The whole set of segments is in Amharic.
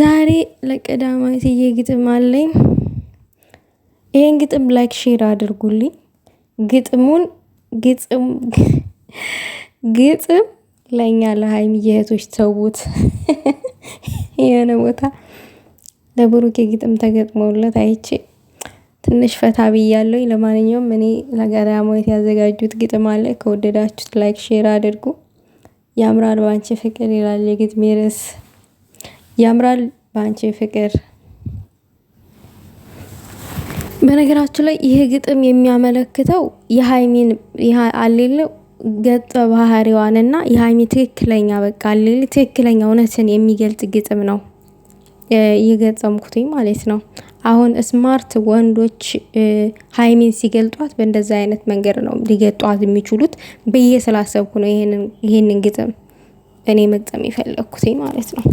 ዛሬ ለቀዳማዊት ግጥም አለኝ። ይህን ግጥም ላይክ ሼር አድርጉልኝ። ግጥሙን ግጥም ግጥም ለእኛ ለሀይም እህቶች ተውት። የሆነ ቦታ ለብሩኬ ግጥም ተገጥሞለት አይቼ ትንሽ ፈታ ብያለሁ። ለማንኛውም እኔ ለቀዳማዊት ያዘጋጁት ግጥም አለ። ከወደዳችሁት ላይክ ሼር አድርጉ። ያምራል ባንቺ ፍቅር ይላል የግጥሜ ርዕስ። ያምራል በአንቺ ፍቅር። በነገራችን ላይ ይሄ ግጥም የሚያመለክተው የሀይሚን አሌለ ገጠ ባህሪዋን ባህሪዋንና የሀይሚ ትክክለኛ በቃ አሌለ ትክክለኛ እውነትን የሚገልጽ ግጥም ነው የገጠምኩትኝ ማለት ነው። አሁን ስማርት ወንዶች ሀይሚን ሲገልጧት በእንደዚ አይነት መንገድ ነው ሊገጧት የሚችሉት ብዬ ስላሰብኩ ነው ይሄንን ግጥም እኔ መግጠም የፈለግኩትኝ ማለት ነው።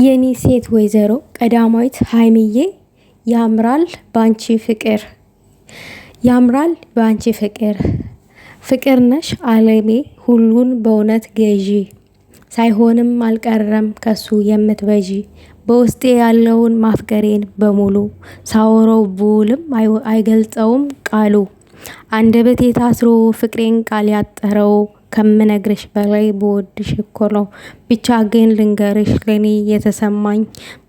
የኔ ሴት ወይዘሮ ቀዳማዊት ሀይሚዬ ያምራል ባንቺ ፍቅር ያምራል ባንቺ ፍቅር ፍቅር ነሽ አለሜ ሁሉን በእውነት ገዢ ሳይሆንም አልቀረም ከሱ የምትበዢ በውስጤ ያለውን ማፍቀሬን በሙሉ ሳወረው ብውልም አይገልጸውም ቃሉ አንደበቴ ታስሮ ፍቅሬን ቃል ያጠረው ከምነግርሽ በላይ በወድሽ እኮ ነው። ብቻ ግን ልንገርሽ ለኔ የተሰማኝ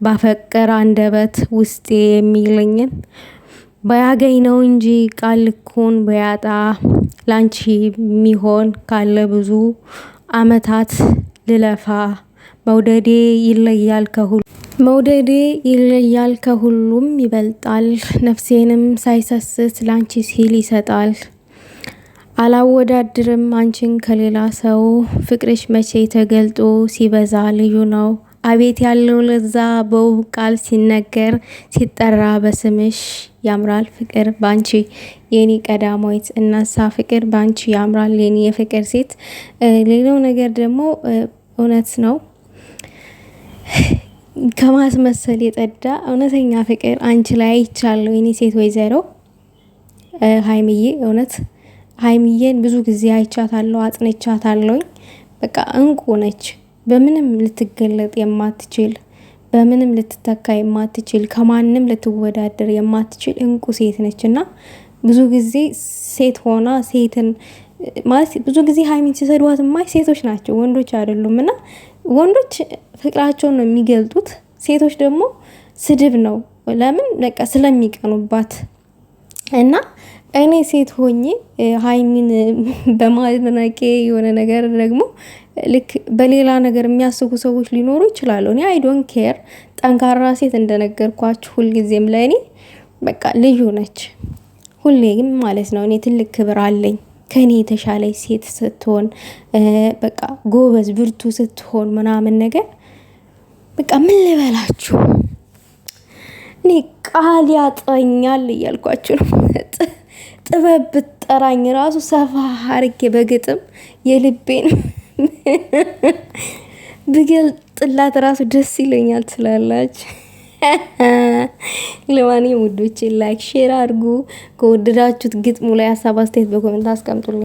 ባፈቀር አንደበት ውስጤ የሚለኝን በያገኝ ነው እንጂ ቃል በያጣ ላንቺ የሚሆን ካለ ብዙ አመታት ልለፋ መውደዴ ይለያል ከሁሉ መውደዴ ይለያል ከሁሉም ይበልጣል ነፍሴንም ሳይሰስት ላንቺ ሲል ይሰጣል። አላወዳድርም አንቺን ከሌላ ሰው ፍቅርሽ መቼ ተገልጦ ሲበዛ ልዩ ነው። አቤት ያለው ለዛ በውብ ቃል ሲነገር ሲጠራ በስምሽ ያምራል ፍቅር ባንቺ የኔ ቀዳማዊት እናሳ ፍቅር ባንቺ ያምራል የኔ የፍቅር ሴት። ሌላው ነገር ደግሞ እውነት ነው ከማስመሰል የጸዳ እውነተኛ ፍቅር አንቺ ላይ አይቻለሁ የኔ ሴት ወይዘሮ ሀይምዬ እውነት ሀይሚዬን ብዙ ጊዜ አይቻታለሁ፣ አጥንቻታለሁኝ። በቃ እንቁ ነች። በምንም ልትገለጥ የማትችል በምንም ልትተካ የማትችል ከማንም ልትወዳደር የማትችል እንቁ ሴት ነች እና ብዙ ጊዜ ሴት ሆና ሴትን ማለት ብዙ ጊዜ ሀይሚን ሲሰድዋት ማይ ሴቶች ናቸው ወንዶች አይደሉም። እና ወንዶች ፍቅራቸውን ነው የሚገልጡት፣ ሴቶች ደግሞ ስድብ ነው። ለምን በቃ ስለሚቀኑባት እና እኔ ሴት ሆኜ ሀይሚን በማድነቄ የሆነ ነገር ደግሞ ልክ በሌላ ነገር የሚያስቡ ሰዎች ሊኖሩ ይችላሉ። እኔ አይዶን ኬር ጠንካራ ሴት እንደነገርኳችሁ ሁልጊዜም ለእኔ በቃ ልዩ ነች። ሁሌም ማለት ነው እኔ ትልቅ ክብር አለኝ። ከእኔ የተሻለች ሴት ስትሆን በቃ ጎበዝ ብርቱ ስትሆን ምናምን ነገር በቃ ምን ልበላችሁ እኔ ቃል ያጥረኛል እያልኳችሁ ነው። ጥበብ ብጠራኝ ራሱ ሰፋ አርጌ በግጥም የልቤን ብገልጥላት ራሱ ደስ ይለኛል ትላላች ለማንኛውም ውዶቼ ላይክ፣ ሼር አድርጉ። ከወደዳችሁት ግጥሙ ላይ ሀሳብ አስተያየት በኮሜንት አስቀምጡልኝ።